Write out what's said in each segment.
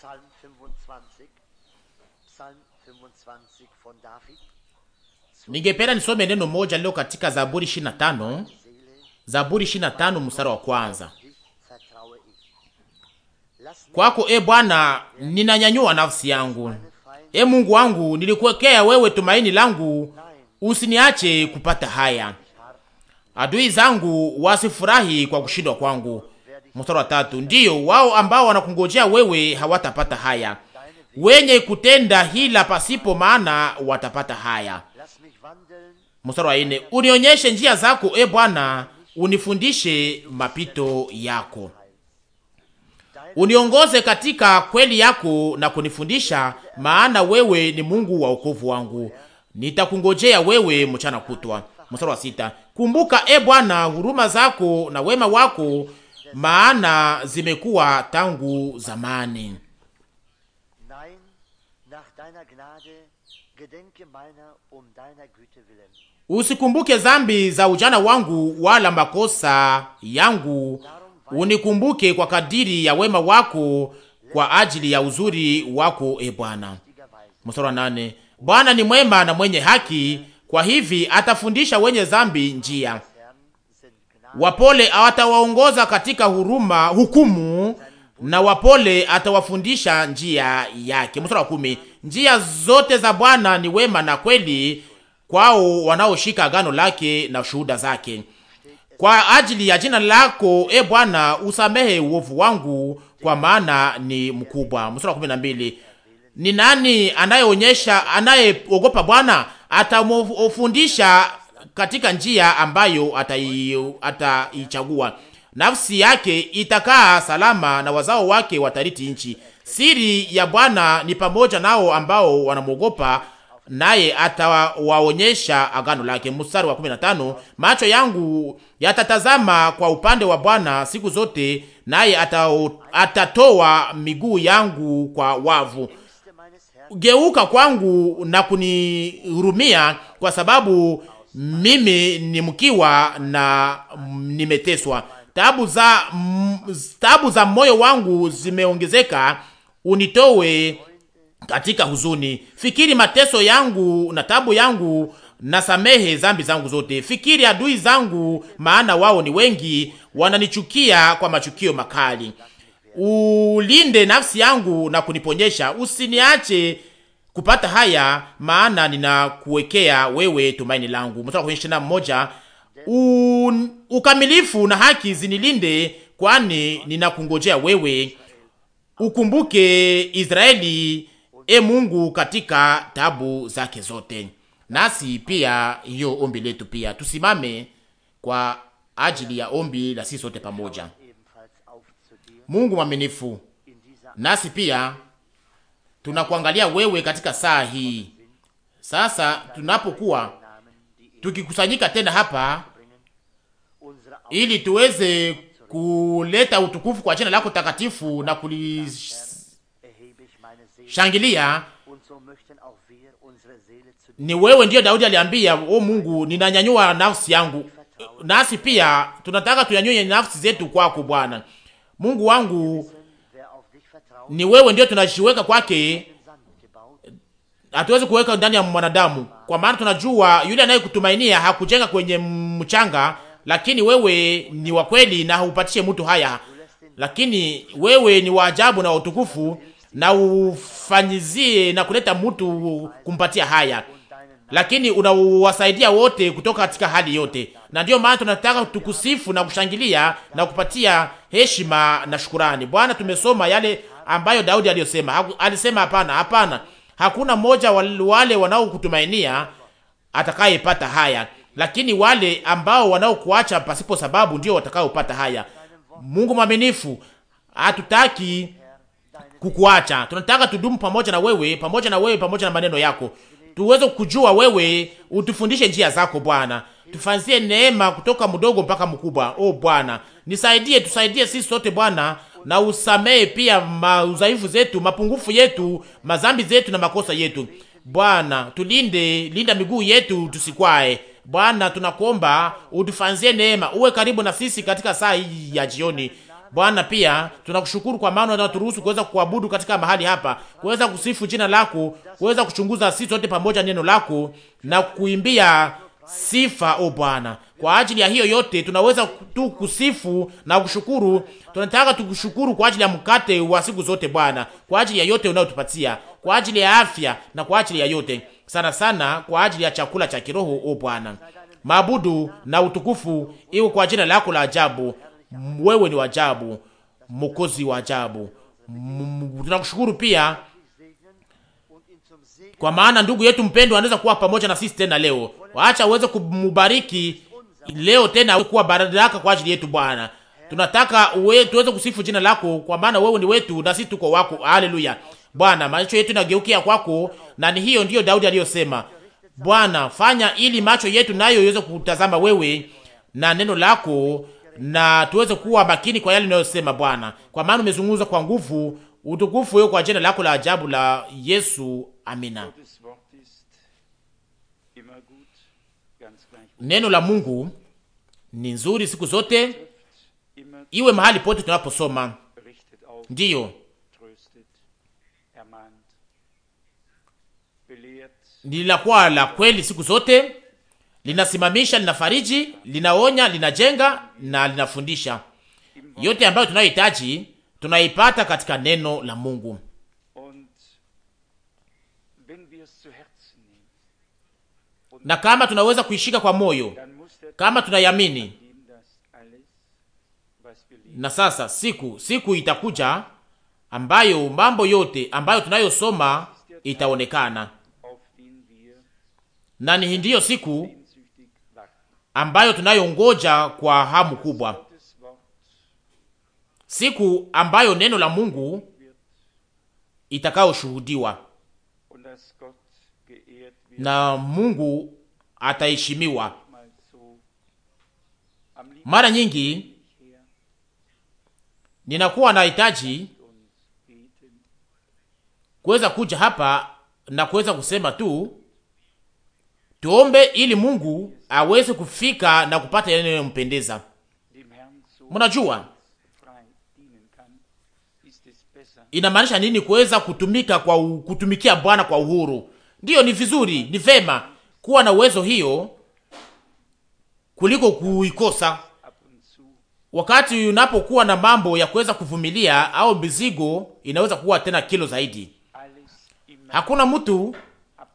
Psalm 25, Psalm 25 von David. Ningependa nisome neno moja leo katika Zaburi 25, Zaburi 25 mstari wa kwanza. Kwako e Bwana ninanyanyua nafsi yangu, e Mungu wangu nilikuwekea wewe tumaini langu, usiniache kupata haya. Adui zangu wasifurahi kwa kushindwa kwangu, mstari wa tatu, ndiyo wao ambao wanakungojea wewe hawatapata haya, wenye kutenda hila pasipo maana watapata haya. Mstari wa ine, unionyeshe njia zako, e Bwana, unifundishe mapito yako, uniongoze katika kweli yako na kunifundisha, maana wewe ni Mungu wa wokovu wangu, nitakungojea wewe mchana kutwa. Mstari wa sita, kumbuka e Bwana huruma zako na wema wako maana zimekuwa tangu zamani. Um Usikumbuke zambi za ujana wangu wala makosa yangu, unikumbuke kwa kadiri ya wema wako, kwa ajili ya uzuri wako, e Bwana. Mstari wa nane. Bwana ni mwema na mwenye haki, kwa hivi atafundisha wenye zambi njia. Wapole atawaongoza katika huruma hukumu, na wapole atawafundisha njia yake. Mstari wa kumi, njia zote za Bwana ni wema na kweli kwao wanaoshika agano lake na shuhuda zake. Kwa ajili ya jina lako, e Bwana, usamehe uovu wangu, kwa maana ni mkubwa. Mstari wa kumi na mbili, ni nani anayeonyesha anayeogopa Bwana? Atamufundisha katika njia ambayo ataichagua. Nafsi yake itakaa salama na wazao wake watariti nchi. Siri ya Bwana ni pamoja nao ambao wanamwogopa naye atawaonyesha agano lake. Mstari wa 15, macho yangu yatatazama kwa upande wa Bwana siku zote, naye atatoa miguu yangu kwa wavu. Geuka kwangu na kunihurumia, kwa sababu mimi ni mkiwa na nimeteswa, tabu za tabu za moyo wangu zimeongezeka, unitowe katika huzuni. Fikiri mateso yangu na tabu yangu na samehe zambi zangu zote. Fikiri adui zangu, maana wao ni wengi, wananichukia kwa machukio makali. Ulinde nafsi yangu na kuniponyesha, usiniache kupata haya, maana ninakuwekea wewe tumaini langu. Mstari kwenye ishirini na moja un, ukamilifu na haki zinilinde, kwani ninakungojea wewe. Ukumbuke Israeli, e Mungu, katika tabu zake zote. Nasi pia hiyo ombi letu pia tusimame kwa ajili ya ombi la sisi sote pamoja. Mungu mwaminifu, nasi pia tunakuangalia wewe katika saa hii. Sasa tunapokuwa tukikusanyika tena hapa ili tuweze kuleta utukufu kwa jina lako takatifu na kulishangilia, ni wewe ndiyo Daudi aliambia, o Mungu, ninanyanyua nafsi yangu. Nasi pia tunataka tunyanyue nafsi zetu kwako Bwana Mungu wangu ni wewe ndio tunajiweka kwake, hatuwezi kuweka ndani ya mwanadamu, kwa maana tunajua yule anayekutumainia hakujenga kwenye mchanga, lakini wewe ni wa kweli na haupatishe mtu haya, lakini wewe ni wa ajabu na utukufu, na ufanyizie na kuleta mtu kumpatia haya, lakini unawasaidia wote kutoka katika hali yote, na ndio maana tunataka tukusifu na kushangilia na kupatia heshima na shukurani. Bwana, tumesoma yale ambayo Daudi aliyosema. Alisema hapana, hapana, hakuna mmoja wale wanaokutumainia atakayepata haya, lakini wale ambao wanaokuacha pasipo sababu ndio watakaopata haya. Mungu mwaminifu, hatutaki kukuacha, tunataka tudumu pamoja na wewe, pamoja na wewe, pamoja na maneno yako, tuweze kujua wewe, utufundishe njia zako Bwana, tufanzie neema kutoka mdogo mpaka mkubwa. O oh, Bwana nisaidie, tusaidie sisi sote Bwana na usamehe pia mauzaifu zetu, mapungufu yetu, mazambi zetu na makosa yetu. Bwana tulinde, linda miguu yetu tusikwae. Bwana tunakuomba utufanzie neema, uwe karibu na sisi katika saa hii ya jioni. Bwana pia tunakushukuru kwa maana unaturuhusu kuweza kuabudu katika mahali hapa, kuweza kusifu jina lako, kuweza kuchunguza sisi wote pamoja neno lako na kuimbia sifa, o Bwana. Kwa ajili ya hiyo yote tunaweza tu kusifu na kushukuru. Tunataka tukushukuru kwa ajili ya mkate wa siku zote Bwana, kwa ajili ya yote unayotupatia, kwa ajili ya afya na kwa ajili ya yote, sana sana kwa ajili ya chakula cha kiroho. O Bwana, maabudu na utukufu iwe kwa jina lako la ajabu. Wewe ni wajabu, mokozi wa ajabu. Tunakushukuru pia kwa maana ndugu yetu mpendwa anaweza kuwa pamoja na sisi tena leo. Waacha uweze kumubariki leo tena kuwa baraka kwa ajili yetu Bwana. Tunataka uwe, tuweze kusifu jina lako kwa maana wewe ni wetu na sisi tuko wako. Haleluya. Bwana, macho yetu nageukia kwako na ni hiyo ndiyo Daudi aliyosema. Bwana, fanya ili macho yetu nayo iweze kutazama wewe na neno lako na tuweze kuwa makini kwa yale unayosema Bwana, kwa maana umezungumza kwa nguvu. Utukufu wewe kwa jina lako la ajabu la Yesu. Amina. neno la Mungu ni nzuri siku zote, iwe mahali pote tunaposoma, ndiyo linakuwa la kweli siku zote, linasimamisha, linafariji, linaonya, linajenga na linafundisha. Yote ambayo tunayohitaji tunaipata katika neno la Mungu. na kama tunaweza kuishika kwa moyo, kama tunayamini. Na sasa siku siku itakuja ambayo mambo yote ambayo tunayosoma itaonekana, na ni ndiyo siku ambayo tunayongoja kwa hamu kubwa, siku ambayo neno la Mungu itakayoshuhudiwa na Mungu ataheshimiwa. Mara nyingi ninakuwa na hitaji kuweza kuja hapa na kuweza kusema tu tuombe, ili Mungu aweze kufika na kupata yale yanayompendeza. Mnajua inamaanisha nini kuweza kutumika kwa kutumikia Bwana kwa uhuru Ndiyo, ni vizuri, ni vema kuwa na uwezo hiyo kuliko kuikosa. Wakati unapokuwa na mambo ya kuweza kuvumilia au mizigo, inaweza kuwa tena kilo zaidi. Hakuna mtu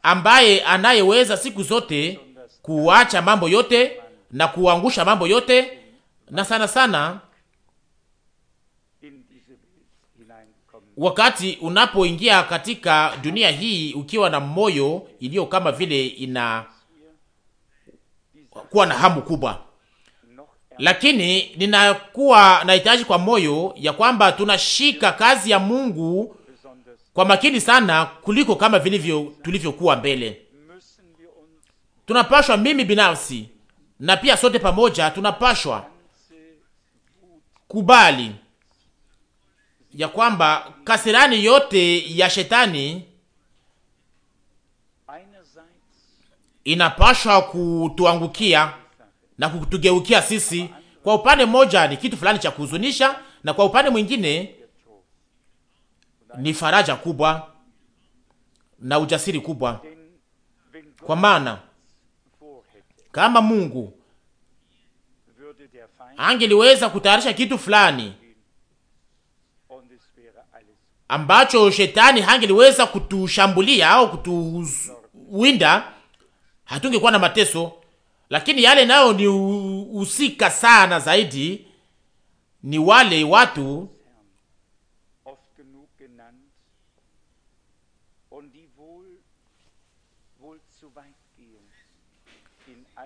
ambaye anayeweza siku zote kuacha mambo yote na kuangusha mambo yote, na sana sana wakati unapoingia katika dunia hii ukiwa na moyo iliyo kama vile ina kuwa na hamu kubwa, lakini ninakuwa nahitaji kwa moyo ya kwamba tunashika kazi ya Mungu kwa makini sana kuliko kama vilivyo tulivyokuwa mbele. Tunapashwa, mimi binafsi na pia sote pamoja, tunapashwa kubali ya kwamba kasirani yote ya shetani inapashwa kutuangukia na kutugeukia sisi. Kwa upande mmoja ni kitu fulani cha kuhuzunisha, na kwa upande mwingine ni faraja kubwa na ujasiri kubwa, kwa maana kama Mungu angeliweza kutayarisha kitu fulani ambacho shetani hangeliweza kutushambulia au kutuwinda, hatungekuwa na mateso. Lakini yale nayo ni husika sana zaidi ni wale watu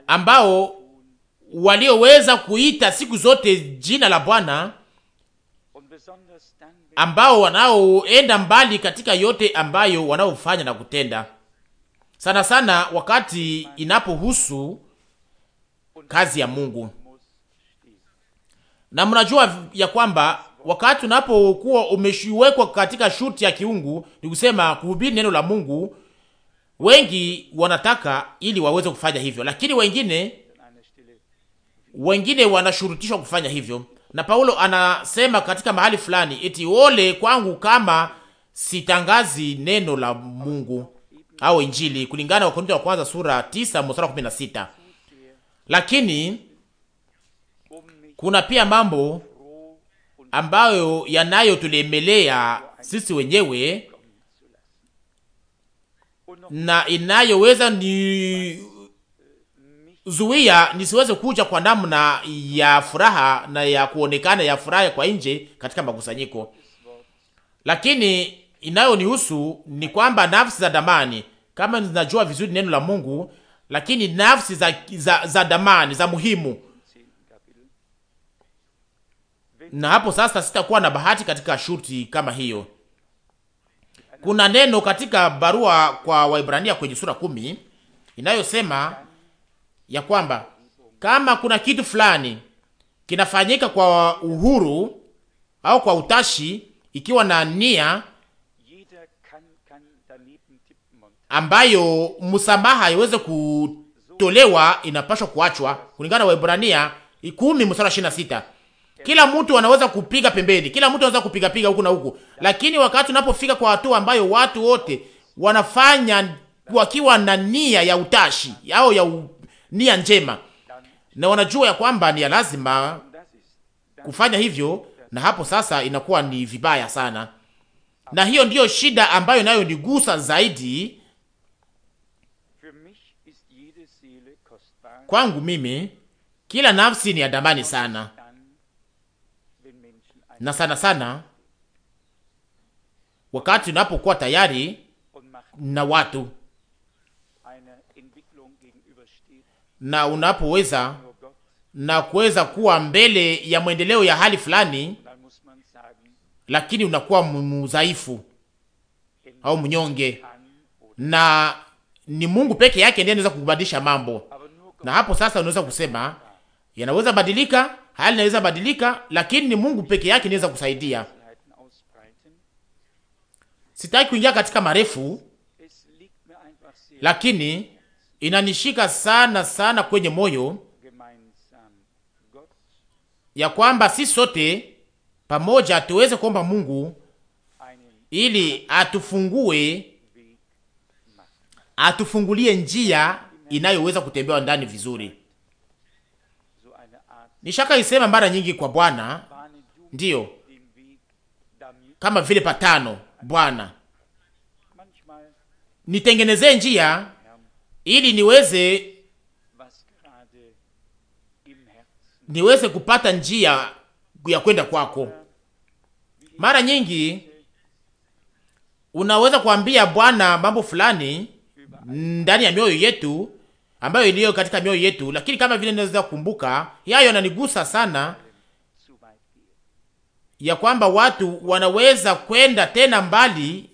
ambao walioweza kuita siku zote jina la Bwana ambao wanaoenda mbali katika yote ambayo wanaofanya na kutenda, sana sana wakati inapohusu kazi ya Mungu. Na mnajua ya kwamba wakati unapokuwa umeshiwekwa katika shuti ya kiungu, ni kusema kuhubiri neno la Mungu, wengi wanataka ili waweze kufanya hivyo, lakini wengine wengine wanashurutishwa kufanya hivyo na Paulo anasema katika mahali fulani eti ole kwangu kama sitangazi neno la Mungu au injili kulingana na Wakorintho wa kwanza sura 9 mstari wa 16. Lakini kuna pia mambo ambayo yanayotulemelea sisi wenyewe na inayoweza ni zuia nisiweze kuja kwa namna ya furaha na ya kuonekana ya furaha kwa nje katika makusanyiko, lakini inayonihusu ni kwamba nafsi za damani, kama ninajua vizuri neno la Mungu, lakini nafsi za, za, za damani za muhimu, na hapo sasa sitakuwa na bahati katika shurti kama hiyo. Kuna neno katika barua kwa Waibrania kwenye sura kumi inayosema ya kwamba kama kuna kitu fulani kinafanyika kwa uhuru au kwa utashi, ikiwa na nia ambayo msamaha iweze kutolewa, inapaswa kuachwa kulingana na Waebrania 10 mstari Kila mtu anaweza kupiga pembeni, kila mtu anaweza kupiga piga huku na huku, lakini wakati unapofika kwa hatua ambayo watu wote wanafanya wakiwa na nia ya utashi au ya nia njema, na wanajua ya kwamba ni ya lazima kufanya hivyo, na hapo sasa inakuwa ni vibaya sana, na hiyo ndiyo shida ambayo nayo nigusa zaidi kwangu mimi. Kila nafsi ni ya damani sana na sana sana wakati unapokuwa tayari na watu na unapoweza na kuweza kuwa mbele ya mwendeleo ya hali fulani, lakini unakuwa mdhaifu au mnyonge, na ni Mungu peke yake ndiye anaweza kubadilisha mambo. Na hapo sasa unaweza kusema yanaweza badilika, hali inaweza badilika, lakini ni Mungu peke yake anaweza kusaidia. Sitaki kuingia katika marefu, lakini inanishika sana sana kwenye moyo ya kwamba si sote pamoja tuweze kuomba Mungu ili atufungue atufungulie njia inayoweza kutembewa ndani vizuri. Nishaka isema mara nyingi kwa Bwana, ndiyo kama vile patano, Bwana nitengenezee njia ili niweze niweze kupata njia ya kwenda kwako. Mara nyingi unaweza kuambia Bwana mambo fulani ndani ya mioyo yetu ambayo iliyo katika mioyo yetu, lakini kama vile naweza kukumbuka yayo yananigusa sana ya kwamba watu wanaweza kwenda tena mbali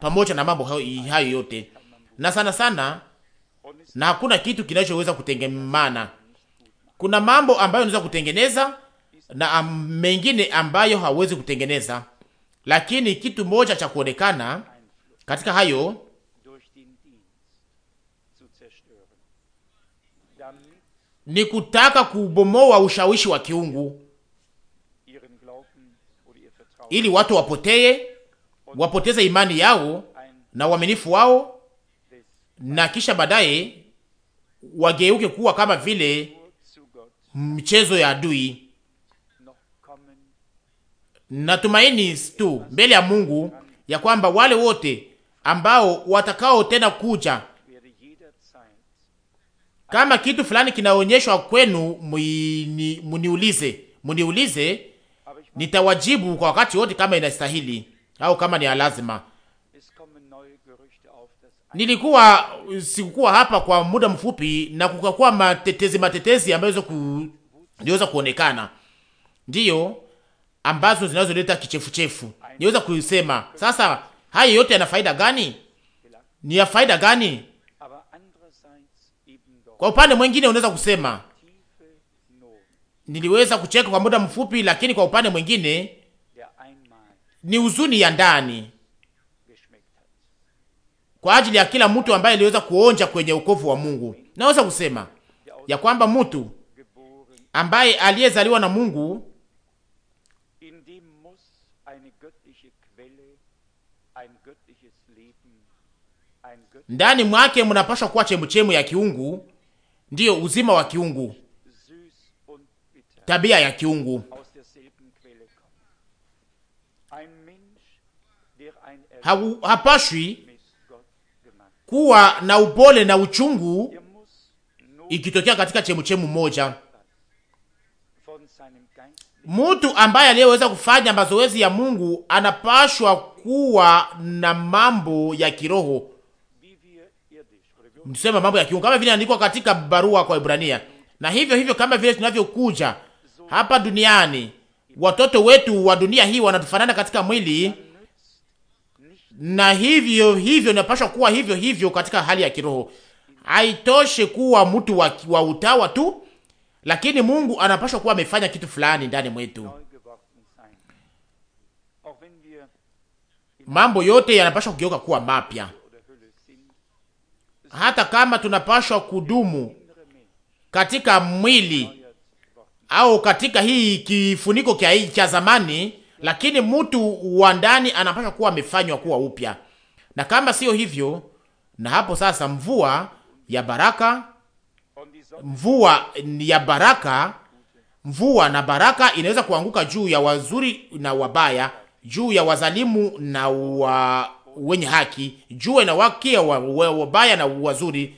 pamoja na mambo hayo yote, na sana sana na hakuna kitu kinachoweza kutengemana. Kuna mambo ambayo unaweza kutengeneza na mengine ambayo hawezi kutengeneza, lakini kitu moja cha kuonekana katika hayo ni kutaka kubomoa ushawishi wa kiungu ili watu wapotee, wapoteze imani yao na uaminifu wao na kisha baadaye wageuke kuwa kama vile mchezo ya adui. Natumaini tu mbele ya Mungu ya kwamba wale wote ambao watakao tena kuja kama kitu fulani kinaonyeshwa kwenu, muniulize muniulize, nitawajibu kwa wakati wote kama inastahili au kama ni lazima. Nilikuwa sikukuwa hapa kwa muda mfupi, na kukakuwa matetezi matetezi ambayo ku, niweza kuonekana ndiyo ambazo zinazoleta kichefuchefu. Niweza kusema sasa, haya yote yana faida gani? Ni ya faida gani? Kwa upande mwingine unaweza kusema niliweza kucheka kwa muda mfupi, lakini kwa upande mwingine ni huzuni ya ndani kwa ajili ya kila mtu ambaye aliweza kuonja kwenye ukovu wa Mungu. Naweza kusema ya kwamba mtu ambaye aliyezaliwa na Mungu ndani mwake mnapaswa kuwa chemuchemu ya kiungu, ndiyo uzima wa kiungu, tabia ya kiungu. Hapashwi kuwa na upole na uchungu ikitokea katika chemuchemu moja. Mtu ambaye aliyeweza kufanya mazoezi ya Mungu anapashwa kuwa na mambo ya kiroho, msema mambo ya kiungu, kama vile andikwa katika barua kwa Ibrania. Na hivyo hivyo, kama vile tunavyokuja hapa duniani, watoto wetu wa dunia hii wanatufanana katika mwili na hivyo hivyo inapashwa kuwa hivyo hivyo katika hali ya kiroho. Haitoshe kuwa mtu wa, wa utawa tu, lakini Mungu anapashwa kuwa amefanya kitu fulani ndani mwetu. Mambo yote yanapashwa kugeuka kuwa mapya, hata kama tunapashwa kudumu katika mwili au katika hii kifuniko cha zamani lakini mtu wa ndani anapaswa kuwa amefanywa kuwa upya, na kama sio hivyo, na hapo sasa mvua ya baraka, mvua ya baraka, mvua na baraka inaweza kuanguka juu ya wazuri na wabaya, juu ya wazalimu na wa wenye haki, juu ya wakia wabaya na wazuri,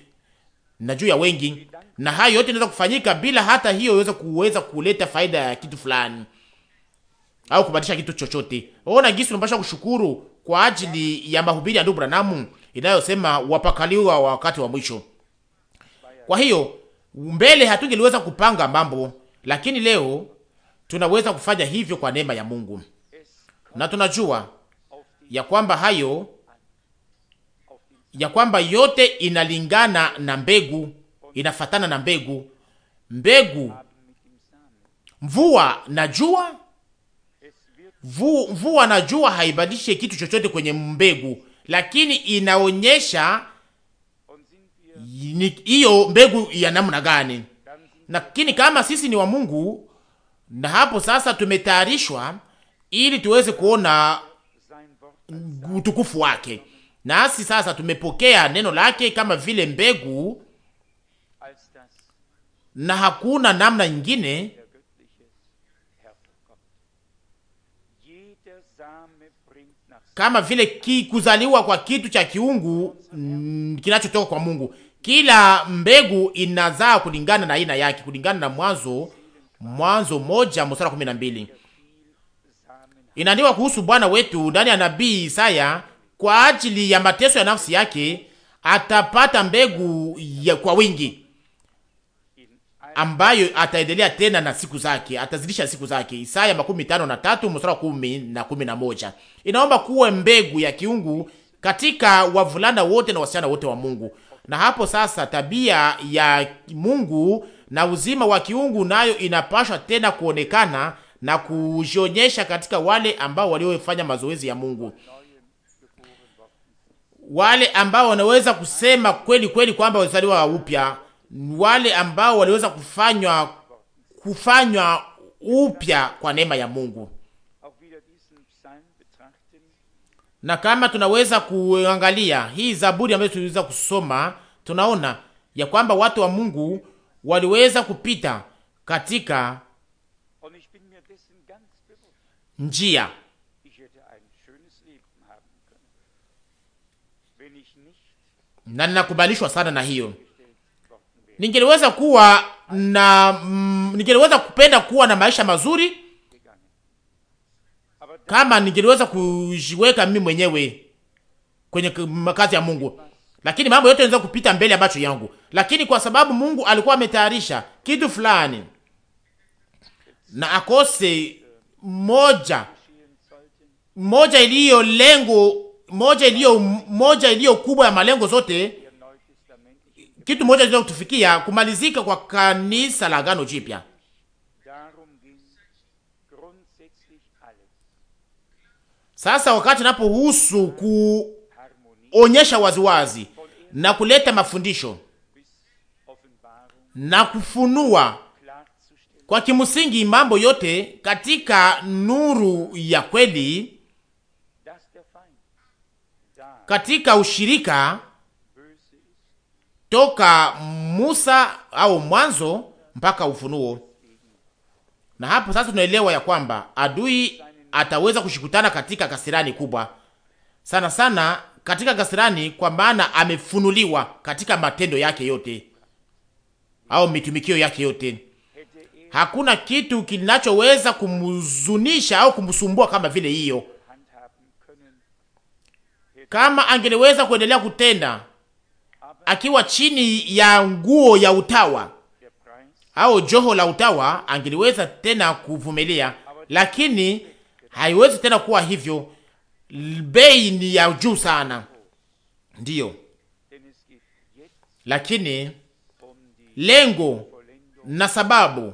na juu ya wengi, na hayo yote inaweza kufanyika bila hata hiyo iweze kuweza kuleta faida ya kitu fulani au kubadilisha kitu chochote. Ona gisi unapasha kushukuru kwa ajili ya mahubiri ya ndugu Branham inayosema wapakaliwa wakati wa mwisho. Kwa hiyo mbele hatungeliweza kupanga mambo, lakini leo tunaweza kufanya hivyo kwa neema ya Mungu, na tunajua ya kwamba hayo ya kwamba yote inalingana na mbegu, inafatana na mbegu. Mbegu, mvua na jua Mvua na jua haibadilishe kitu chochote kwenye mbegu, lakini inaonyesha hiyo mbegu ya namna gani. Lakini kama sisi ni wa Mungu, na hapo sasa tumetayarishwa ili tuweze kuona utukufu wake, nasi sasa tumepokea neno lake kama vile mbegu, na hakuna namna nyingine kama vile ki, kuzaliwa kwa kitu cha kiungu mm, kinachotoka kwa Mungu. Kila mbegu inazaa kulingana na aina yake, kulingana na Mwanzo Mwanzo moja mstari kumi na mbili inaandikwa kuhusu Bwana wetu ndani ya nabii Isaya, kwa ajili ya mateso ya nafsi yake atapata mbegu ya kwa wingi ambayo ataendelea tena na siku zake, atazidisha siku zake. Isaya makumi tano na tatu mstari wa kumi na kumi na moja inaomba kuwe mbegu ya kiungu katika wavulana wote na wasichana wote wa Mungu. Na hapo sasa tabia ya Mungu na uzima wa kiungu nayo inapashwa tena kuonekana na kujionyesha katika wale ambao waliofanya mazoezi ya Mungu, wale ambao wanaweza kusema kweli kweli kwamba wazaliwa upya wale ambao waliweza kufanywa kufanywa upya kwa neema ya Mungu. Na kama tunaweza kuangalia hii Zaburi ambayo tuliweza kusoma, tunaona ya kwamba watu wa Mungu waliweza kupita katika njia na ninakubalishwa sana na hiyo ningeliweza kuwa na mm, ningeliweza kupenda kuwa na maisha mazuri kama ningeliweza kujiweka mimi mwenyewe kwenye makazi ya Mungu, lakini mambo yote yanaweza kupita mbele ya macho yangu, lakini kwa sababu Mungu alikuwa ametayarisha kitu fulani na akose moja moja iliyo lengo moja iliyo moja iliyo kubwa ya malengo zote kitu moja kinaweza kutufikia kumalizika kwa kanisa la Agano Jipya. Sasa wakati napohusu kuonyesha waziwazi na kuleta mafundisho na kufunua kwa kimsingi mambo yote katika nuru ya kweli, katika ushirika toka Musa au Mwanzo mpaka Ufunuo. Na hapo sasa tunaelewa ya kwamba adui ataweza kushikutana katika kasirani kubwa sana sana, katika kasirani, kwa maana amefunuliwa katika matendo yake yote au mitumikio yake yote. Hakuna kitu kinachoweza kumuzunisha au kumsumbua kama vile hiyo. Kama angeliweza kuendelea kutenda akiwa chini ya nguo ya utawa au joho la utawa, angeliweza tena kuvumilia, lakini haiwezi tena kuwa hivyo. Bei ni ya juu sana, ndiyo, lakini lengo na sababu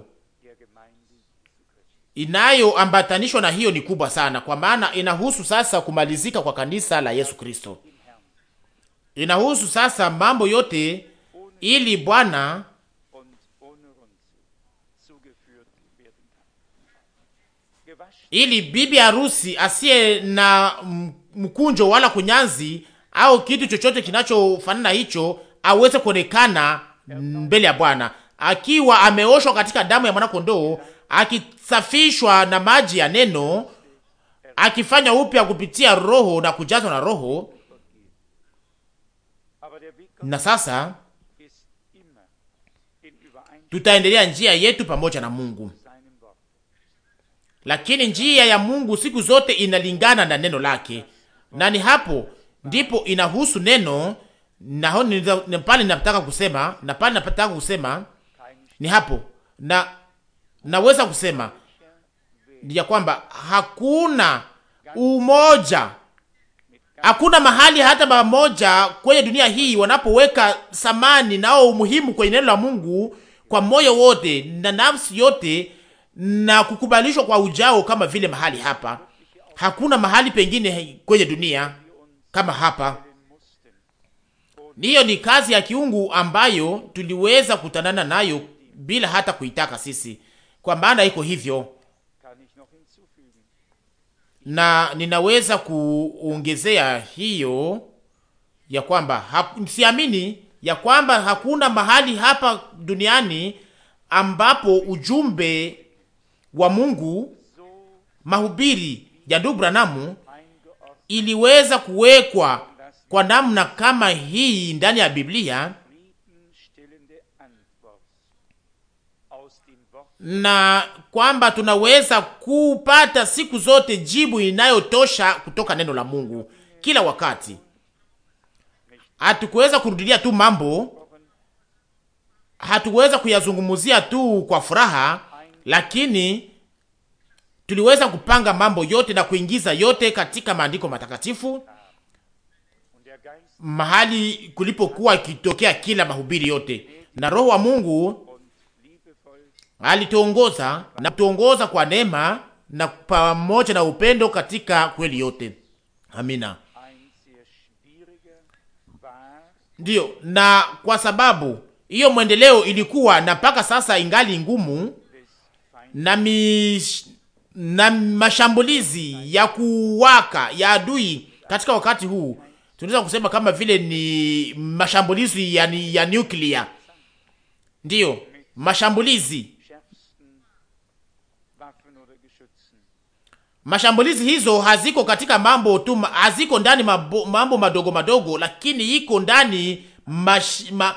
inayoambatanishwa na hiyo ni kubwa sana, kwa maana inahusu sasa kumalizika kwa kanisa la Yesu Kristo. Inahusu sasa mambo yote ili Bwana ili bibi harusi asiye na mkunjo wala kunyanzi au kitu chochote kinachofanana hicho aweze kuonekana mbele ya Bwana akiwa ameoshwa katika damu ya mwanakondoo, akisafishwa na maji ya neno, akifanya upya kupitia Roho na kujazwa na Roho, na sasa tutaendelea njia yetu pamoja na Mungu, lakini njia ya Mungu siku zote inalingana na neno lake, na ni hapo ndipo inahusu neno na pale nataka kusema na pale nataka kusema ni hapo, na naweza kusema ya kwamba hakuna umoja Hakuna mahali hata mara moja kwenye dunia hii wanapoweka samani nao umuhimu kwenye neno la Mungu kwa moyo wote na nafsi yote na kukubalishwa kwa ujao kama vile mahali hapa. Hakuna mahali pengine kwenye dunia kama hapa. niyo ni kazi ya kiungu ambayo tuliweza kutanana nayo bila hata kuitaka sisi, kwa maana iko hivyo na ninaweza kuongezea hiyo ya kwamba siamini ya kwamba hakuna mahali hapa duniani ambapo ujumbe wa Mungu, mahubiri ya ndugu Branamu iliweza kuwekwa kwa namna kama hii ndani ya Biblia na kwamba tunaweza kupata siku zote jibu inayotosha kutoka neno la Mungu kila wakati. Hatukuweza kurudilia tu mambo, hatuweza kuyazungumzia tu kwa furaha, lakini tuliweza kupanga mambo yote na kuingiza yote katika maandiko matakatifu, mahali kulipokuwa ikitokea kila mahubiri yote, na Roho wa Mungu alituongoza na kutuongoza kwa neema na pamoja na upendo katika kweli yote. Amina. Ndiyo, na kwa sababu hiyo mwendeleo ilikuwa na mpaka sasa ingali ngumu na, mi, na mashambulizi ya kuwaka ya adui katika wakati huu, tunaweza kusema kama vile ni mashambulizi ya, ya nuclear. Ndiyo, mashambulizi Mashambulizi hizo haziko katika mambo tu, haziko ndani mabo, mambo madogo madogo, lakini iko ndani mash, ma,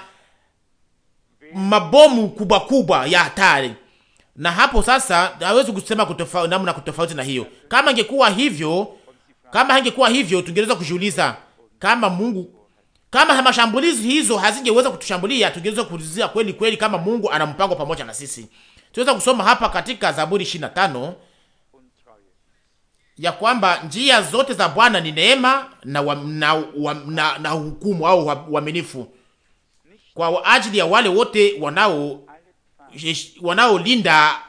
mabomu kubwa kubwa ya hatari. Na hapo sasa hawezi kusema kutofauti namna kutofauti na hiyo. Kama ingekuwa hivyo, kama hangekuwa hivyo, tungeweza kujiuliza kama Mungu kama mashambulizi hizo hazingeweza kutushambulia, tungeweza kuulizia kweli kweli kama Mungu ana mpango pamoja na sisi. Tuweza kusoma hapa katika Zaburi 25 ya kwamba njia zote za Bwana ni neema na, wa, na, wa, na, na hukumu au uaminifu kwa ajili ya wale wote wanao wanaolinda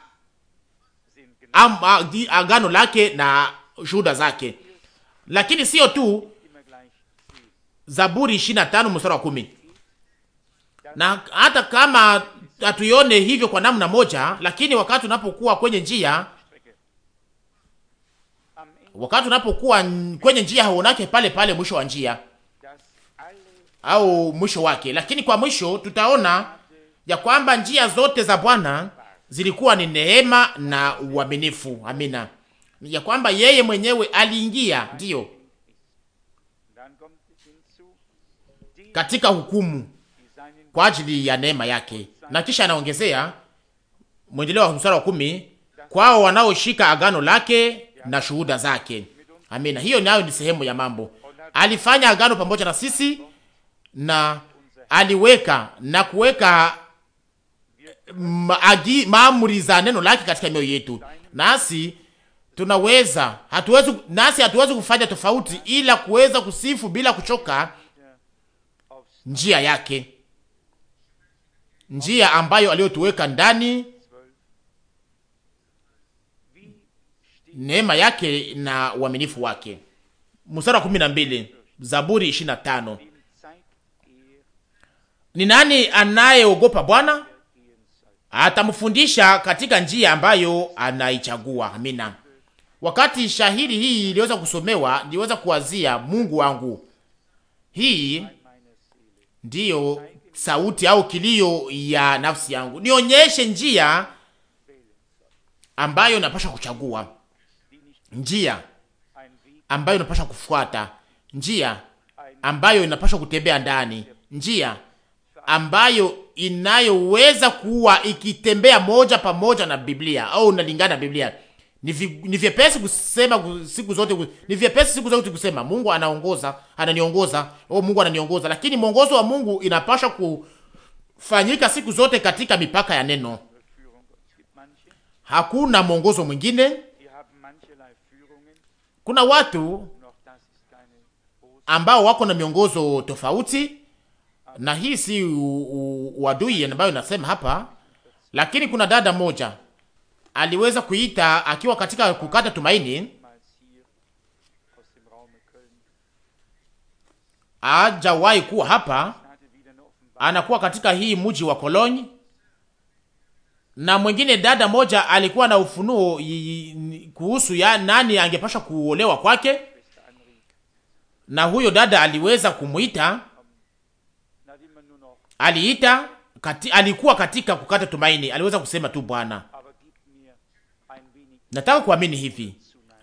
agano lake na shuhuda zake. Lakini sio tu Zaburi 25 mstari wa kumi, na hata kama hatuione hivyo kwa namna moja, lakini wakati unapokuwa kwenye njia Wakati unapokuwa kwenye njia hauonake pale pale mwisho wa njia au mwisho wake, lakini kwa mwisho tutaona ya kwamba njia zote za Bwana zilikuwa ni neema na uaminifu. Amina, ya kwamba yeye mwenyewe aliingia ndiyo katika hukumu kwa ajili ya neema yake, na kisha anaongezea mwendeleo wa mstari wa kumi, kwao wanaoshika agano lake na shuhuda zake. Amina. Hiyo nayo ni sehemu ya mambo. Alifanya agano pamoja na sisi na aliweka na kuweka maagi mm, maamuri za neno lake katika mioyo yetu, nasi tunaweza hatuwezi, nasi hatuwezi kufanya tofauti ila kuweza kusifu bila kuchoka njia yake, njia ambayo aliyotuweka ndani neema yake na uaminifu wake. Mstari wa kumi na mbili, Zaburi ishirini na tano. Ni nani anayeogopa Bwana? Atamfundisha katika njia ambayo anaichagua. Amina. Wakati shahiri hii iliweza kusomewa, niliweza kuwazia Mungu wangu, hii ndiyo sauti au kilio ya nafsi yangu, nionyeshe njia ambayo napasha kuchagua njia ambayo inapasha kufuata, njia ambayo inapasha kutembea ndani, njia ambayo inayoweza kuwa ikitembea moja pamoja na Biblia au unalingana na Biblia. Ni vyepesi kusema siku zote, ni vyepesi siku zote kusema Mungu anaongoza, ananiongoza, oh, Mungu ananiongoza, lakini mwongozo wa Mungu inapasha kufanyika siku zote katika mipaka ya neno. Hakuna mwongozo mwingine kuna watu ambao wako na miongozo tofauti, na hii si uadui ambayo nasema hapa, lakini kuna dada moja aliweza kuita akiwa katika kukata tumaini, ajawai kuwa hapa, anakuwa katika hii mji wa Cologne na mwingine dada moja alikuwa na ufunuo kuhusu ya nani angepasha kuolewa kwake, na huyo dada aliweza kumwita, aliita kati, alikuwa katika kukata tumaini. Aliweza kusema tu, Bwana, nataka kuamini hivi,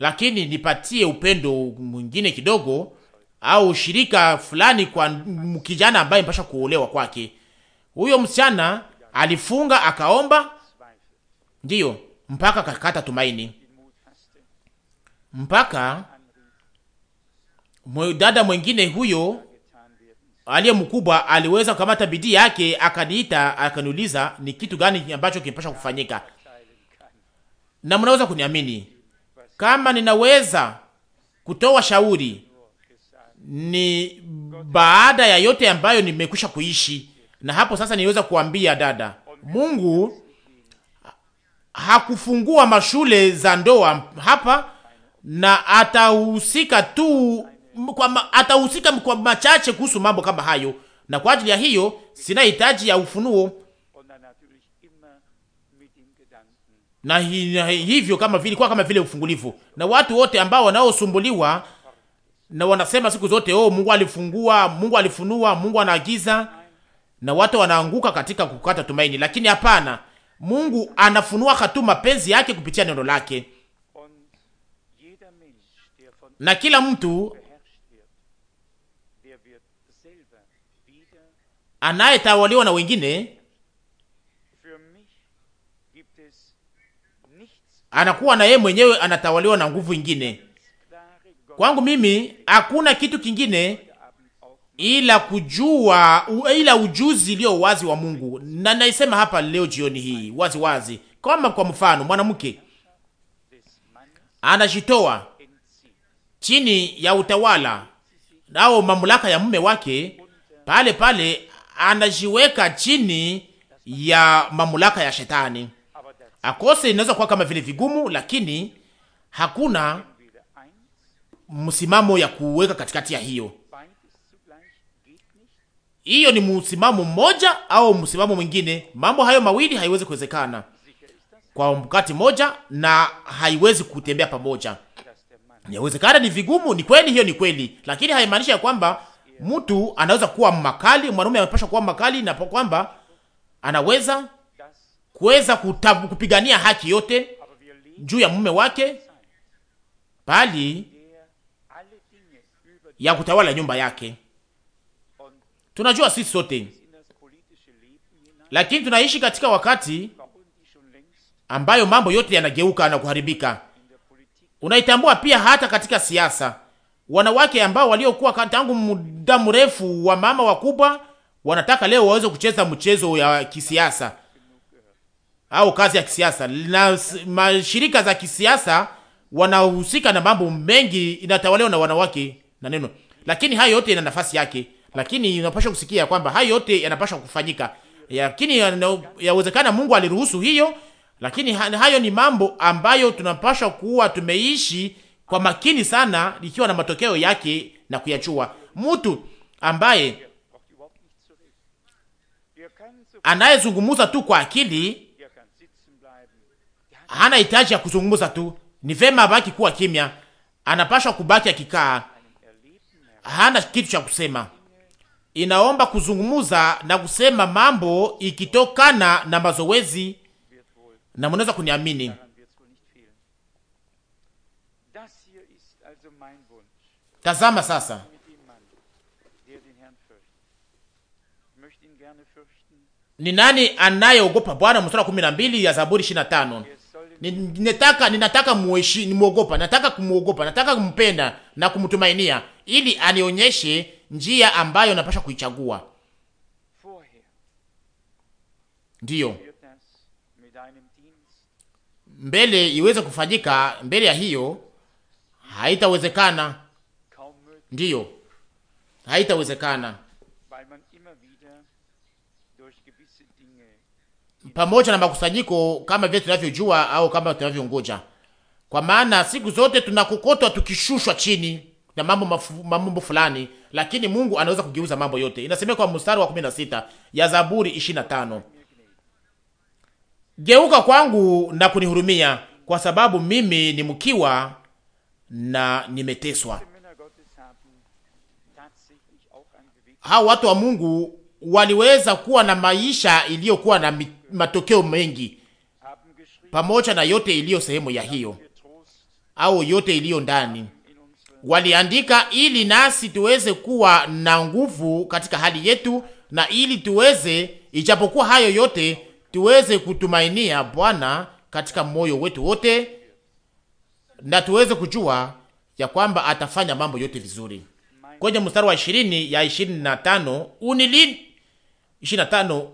lakini nipatie upendo mwingine kidogo, au shirika fulani kwa mkijana ambaye mpasha kuolewa kwake. Huyo msichana alifunga akaomba ndiyo, mpaka kakata tumaini, mpaka dada mwengine huyo aliye mkubwa aliweza kukamata bidii yake, akaniita akaniuliza, ni kitu gani ambacho kimepasha kufanyika, na mnaweza kuniamini kama ninaweza kutoa shauri ni baada ya yote ambayo nimekwisha kuishi, na hapo sasa niweza kuambia dada, Mungu hakufungua mashule za ndoa hapa, na atahusika tu kwa, atahusika kwa machache kuhusu mambo kama hayo, na kwa ajili ya hiyo sina hitaji ya ufunuo na hivyo kama vile kwa kama vile ufungulivu na watu wote ambao wanaosumbuliwa na wanasema siku zote oh, Mungu alifungua, Mungu alifunua, Mungu anaagiza, na watu wanaanguka katika kukata tumaini, lakini hapana. Mungu anafunua hatu mapenzi yake kupitia neno lake, na kila mtu anayetawaliwa na wengine anakuwa na yeye mwenyewe anatawaliwa na nguvu ingine. Kwangu mimi hakuna kitu kingine ila kujua u, ila ujuzi iliyo wazi wa Mungu, na naisema hapa leo jioni hii wazi wazi, kama kwa mfano mwanamke anajitoa chini ya utawala nao mamlaka ya mume wake, pale pale anajiweka chini ya mamlaka ya shetani. Akose inaweza kuwa kama vile vigumu, lakini hakuna msimamo ya kuweka katikati ya hiyo hiyo ni msimamo mmoja au msimamo mwingine. Mambo hayo mawili haiwezi kuwezekana kwa wakati mmoja, na haiwezi kutembea pamoja. Inawezekana ni vigumu, ni kweli, hiyo ni kweli, lakini haimaanishi ya kwamba mtu anaweza kuwa makali, mwanamume anapaswa kuwa makali, na kwamba anaweza kuweza kupigania haki yote juu ya mume wake, bali ya kutawala nyumba yake tunajua sisi sote, lakini tunaishi katika wakati ambayo mambo yote yanageuka na kuharibika. Unaitambua pia hata katika siasa, wanawake ambao waliokuwa tangu muda mrefu wa mama wakubwa wanataka leo waweze kucheza mchezo ya kisiasa au kazi ya kisiasa na mashirika za kisiasa wanahusika na mambo mengi, inatawaliwa na wanawake na neno, lakini hayo yote ina nafasi yake lakini unapasha kusikia kwamba hayo yote yanapaswa kufanyika, lakini yawezekana ya Mungu aliruhusu hiyo, lakini hayo ni mambo ambayo tunapaswa kuwa tumeishi kwa makini sana, ikiwa na matokeo yake na kuyachua. Mtu ambaye anayezungumza tu kwa akili hana hitaji ya kuzungumza tu, ni vema abaki kuwa kimya, anapaswa kubaki akikaa, hana kitu cha kusema inaomba kuzungumuza na kusema mambo ikitokana na mazoezi, na mnaweza kuniamini. Tazama sasa, ni nani anayeogopa Bwana? Mstari wa kumi na mbili ya Zaburi ishirini na tano. Ninataka ninataka muogopa, nataka kumuogopa, nataka kumpenda na kumtumainia, ili anionyeshe njia ambayo napasha kuichagua. Ndiyo, mbele iweze kufanyika, mbele ya hiyo haitawezekana. Ndiyo, haitawezekana pamoja na makusanyiko kama vile tunavyojua au kama tunavyongoja, kwa maana siku zote tunakokotwa tukishushwa chini na mambo mambo fulani, lakini Mungu anaweza kugeuza mambo yote. Inasemeka kwa mstari wa 16 ya Zaburi 25, geuka kwangu na kunihurumia, kwa sababu mimi ni mkiwa na nimeteswa. Hao watu wa Mungu waliweza kuwa na maisha iliyokuwa na matokeo mengi, pamoja na yote iliyo sehemu ya hiyo au yote iliyo ndani waliandika ili nasi tuweze kuwa na nguvu katika hali yetu, na ili tuweze, ijapokuwa hayo yote, tuweze kutumainia Bwana katika moyo wetu wote, na tuweze kujua ya kwamba atafanya mambo yote vizuri. Kwenye mstari wa 20 ya 25 unilin 25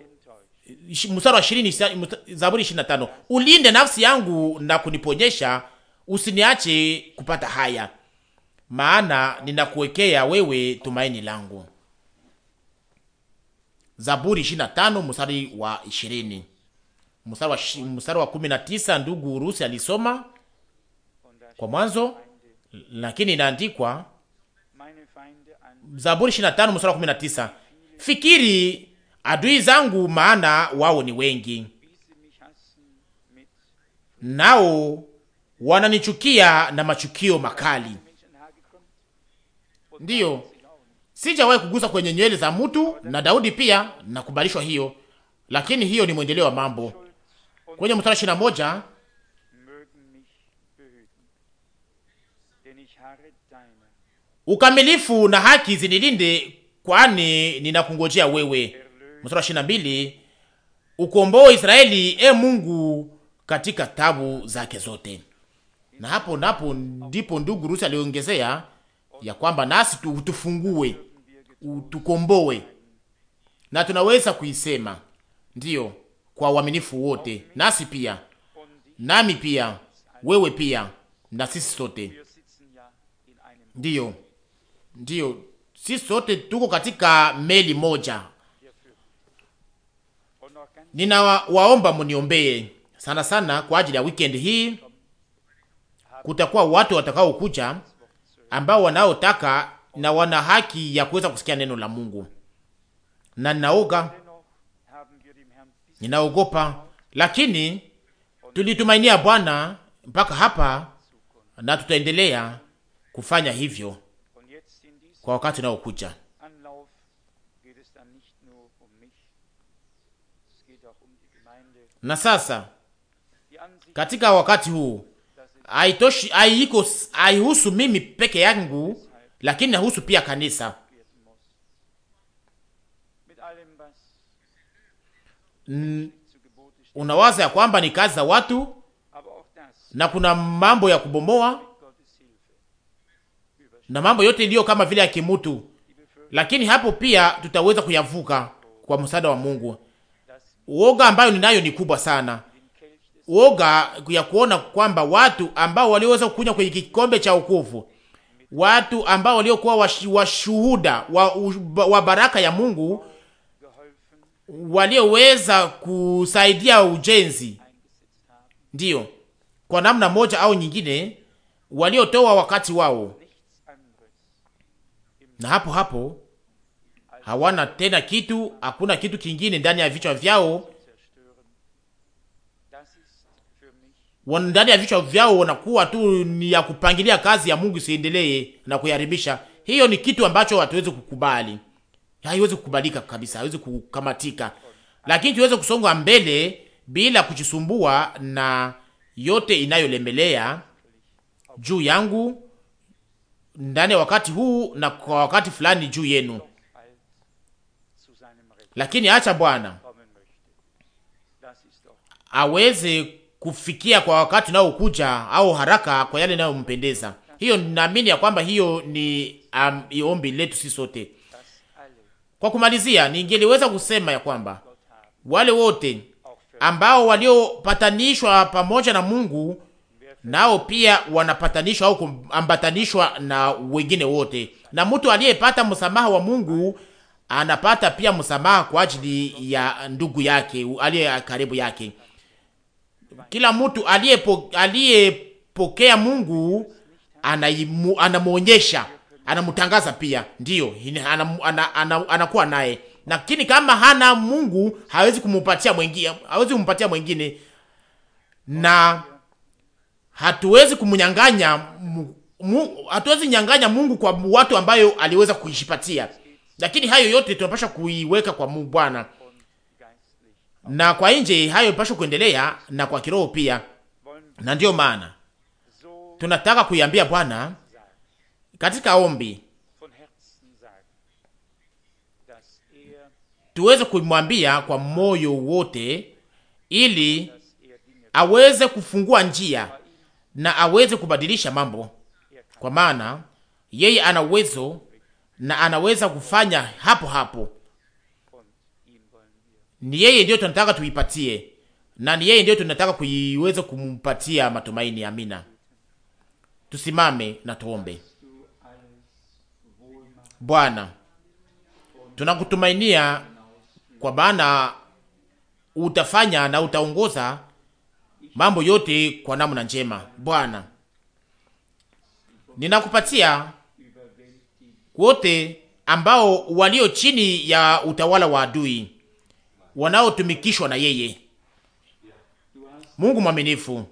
mstari wa 20 Zaburi 25, ulinde nafsi yangu na kuniponyesha, usiniache kupata haya maana ninakuwekea wewe tumaini langu. Zaburi 25 mstari wa 20. Mstari wa mstari wa 19, ndugu Urusi alisoma kwa mwanzo, lakini inaandikwa Zaburi 25 mstari wa 19, fikiri adui zangu, maana wao ni wengi, nao wananichukia na machukio makali ndiyo, sijawahi kugusa kwenye nywele za mtu, na Daudi pia nakubalishwa hiyo, lakini hiyo ni mwendeleo wa mambo kwenye mstari ishirini na moja ukamilifu na haki zinilinde, kwani ninakungojea wewe. Mstari ishirini na mbili ukomboe Israeli, e Mungu, katika tabu zake zote. Na hapo napo ndipo ndugu Rusi aliongezea ya kwamba nasi tufungue, tukomboe, na tunaweza kuisema ndiyo kwa uaminifu wote, nasi pia, nami pia, wewe pia, na sisi sote ndiyo, ndiyo, sisi sote tuko katika meli moja. nina waomba muniombee sana sana kwa ajili ya weekend hii. Kutakuwa watu watakaokuja ambao wanaotaka na wana haki ya kuweza kusikia neno la Mungu. Na ninaoga, ninaogopa, lakini tulitumainia Bwana mpaka hapa, na tutaendelea kufanya hivyo kwa wakati unaokuja. Na sasa katika wakati huu haitoshi, haiko, haihusu mimi peke yangu, lakini nahusu pia kanisa N mm, unawaza ya kwamba ni kazi za watu na kuna mambo ya kubomoa na mambo yote iliyo kama vile ya kimutu, lakini hapo pia tutaweza kuyavuka kwa msaada wa Mungu. Woga ambayo ninayo ni kubwa sana, oga ya kuona kwamba watu ambao walioweza kukunywa kwenye kikombe cha wokovu, watu ambao waliokuwa washuhuda wa, wa baraka ya Mungu walioweza kusaidia ujenzi, ndiyo kwa namna moja au nyingine waliotoa wakati wao, na hapo hapo hawana tena kitu, hakuna kitu kingine ndani ya vichwa vyao ndani ya vichwa vyao wanakuwa tu ni ya kupangilia kazi ya Mungu isiendelee na kuiharibisha. Hiyo ni kitu ambacho hatuwezi kukubali, haiwezi kukubalika kabisa, haiwezi kukamatika, lakini tuweze kusonga mbele bila kujisumbua na yote inayolemelea juu yangu ndani ya wakati huu na kwa wakati fulani juu yenu, lakini acha Bwana aweze kufikia kwa wakati unaokuja au haraka kwa yale nayompendeza. Hiyo naamini ya kwamba hiyo ni um, iombi letu si sote. Kwa kumalizia, ningeliweza kusema ya kwamba wale wote ambao waliopatanishwa pamoja na Mungu nao pia wanapatanishwa au kuambatanishwa na wengine wote, na mtu aliyepata msamaha wa Mungu anapata pia msamaha kwa ajili ya ndugu yake aliye karibu yake kila mtu aliyepokea Mungu anamwonyesha, anamtangaza pia, ndiyo anakuwa naye, lakini kama hana Mungu hawezi kumupatia mwingine, hawezi kumpatia mwingine, na hatuwezi kumnyang'anya, hatuwezi nyang'anya Mungu kwa watu ambayo aliweza kuishipatia, lakini hayo yote tunapasha kuiweka kwa Mungu Bwana na kwa nje hayo pasho kuendelea na kwa kiroho pia. Na ndiyo maana tunataka kuiambia Bwana katika ombi tuweze kumwambia kwa moyo wote, ili aweze kufungua njia na aweze kubadilisha mambo, kwa maana yeye ana uwezo na anaweza kufanya hapo hapo ni yeye ndiyo tunataka tuipatie na ni yeye ndiyo tunataka kuiweza kumpatia matumaini. Amina. Tusimame na tuombe. Bwana, tunakutumainia kwa maana utafanya na utaongoza mambo yote kwa namna njema. Bwana, ninakupatia wote ambao walio chini ya utawala wa adui wanaotumikishwa na yeye. Mungu mwaminifu,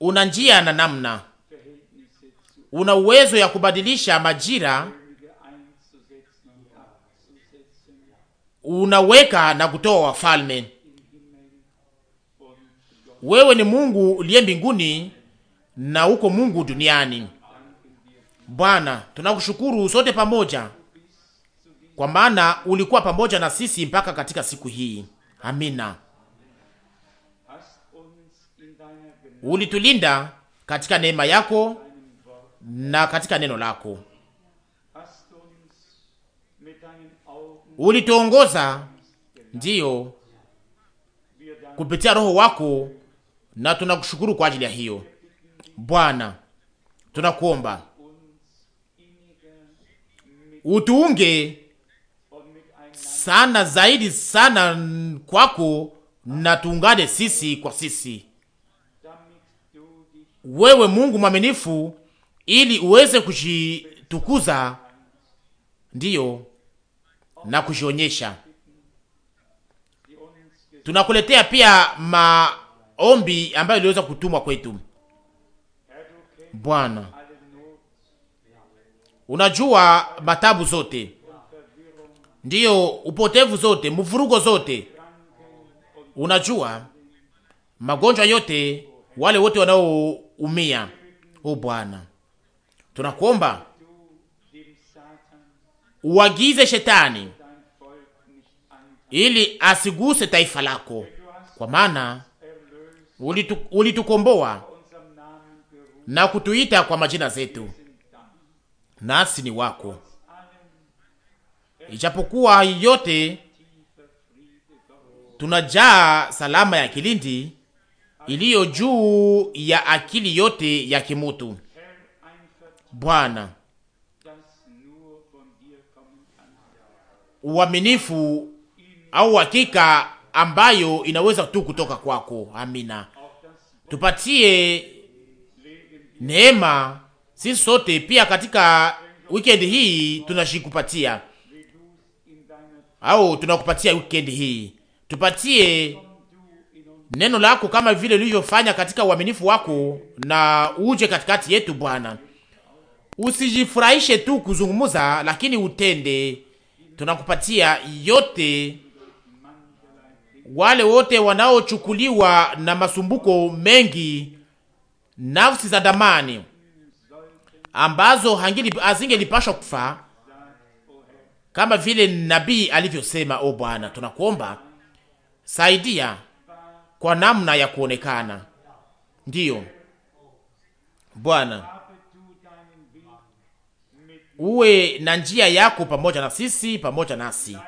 una njia na namna, una uwezo ya kubadilisha majira, unaweka na kutoa wafalme. Wewe ni Mungu uliye mbinguni na uko Mungu duniani. Bwana, tunakushukuru sote pamoja kwa maana ulikuwa pamoja na sisi mpaka katika siku hii. Amina. Ulitulinda katika neema yako na katika neno lako, ulituongoza ndiyo kupitia Roho wako, na tunakushukuru kwa ajili ya hiyo. Bwana, tunakuomba utuunge sana zaidi sana kwako, na tuungane sisi kwa sisi, wewe Mungu mwaminifu, ili uweze kujitukuza ndiyo na kujionyesha. Tunakuletea pia maombi ambayo iliweza kutumwa kwetu. Bwana, unajua matabu zote ndiyo upotevu zote, mvurugo zote, unajua magonjwa yote, wale wote wanaoumia. O Bwana, tunakuomba uagize shetani ili asiguse taifa lako, kwa maana ulitukomboa na kutuita kwa majina zetu, nasi ni wako Ijapokuwa hii yote tunajaa salama ya kilindi iliyo juu ya akili yote ya kimutu. Bwana, uaminifu au hakika ambayo inaweza tu kutoka kwako. Amina, tupatie neema sisi sote pia. Katika weekend hii tunashikupatia au tunakupatia weekend hii, tupatie neno lako kama vile ulivyofanya katika uaminifu wako, na uje katikati yetu Bwana. Usijifurahishe tu kuzungumuza, lakini utende. Tunakupatia yote wale wote wanaochukuliwa na masumbuko mengi, nafsi za damani ambazo azingelipashwa kufa kama vile nabii alivyosema, o Bwana, tunakuomba saidia kwa namna ya kuonekana. Ndiyo Bwana, uwe na njia yako pamoja na sisi, pamoja nasi,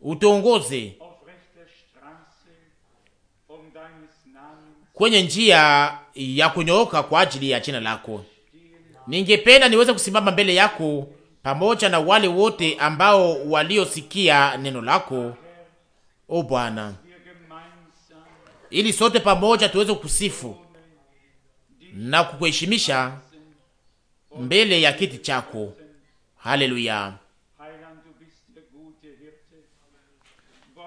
utuongoze kwenye njia ya kunyooka kwa ajili ya jina lako. Ningependa niweze kusimama mbele yako pamoja na wale wote ambao waliosikia neno lako, o Bwana, ili sote pamoja tuweze kusifu na kukuheshimisha mbele ya kiti chako. Haleluya!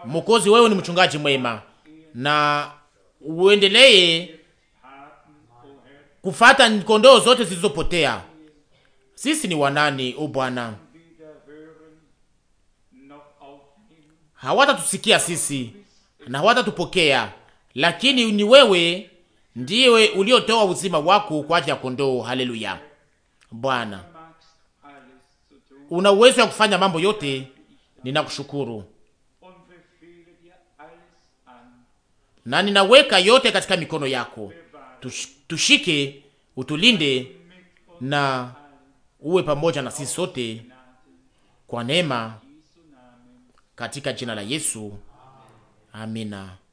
Mokozi, wewe ni mchungaji mwema, na uendelee kufata kondoo zote zilizopotea. Sisi ni wanani, o Bwana? Hawatatusikia sisi na hawatatupokea, lakini ni wewe ndiwe uliotoa uzima wako kwa ajili ya kondoo. Haleluya! Bwana, una uwezo wa kufanya mambo yote, ninakushukuru na ninaweka yote katika mikono yako. Tushike, utulinde na uwe pamoja na sisi sote kwa neema katika jina la Yesu. Amina.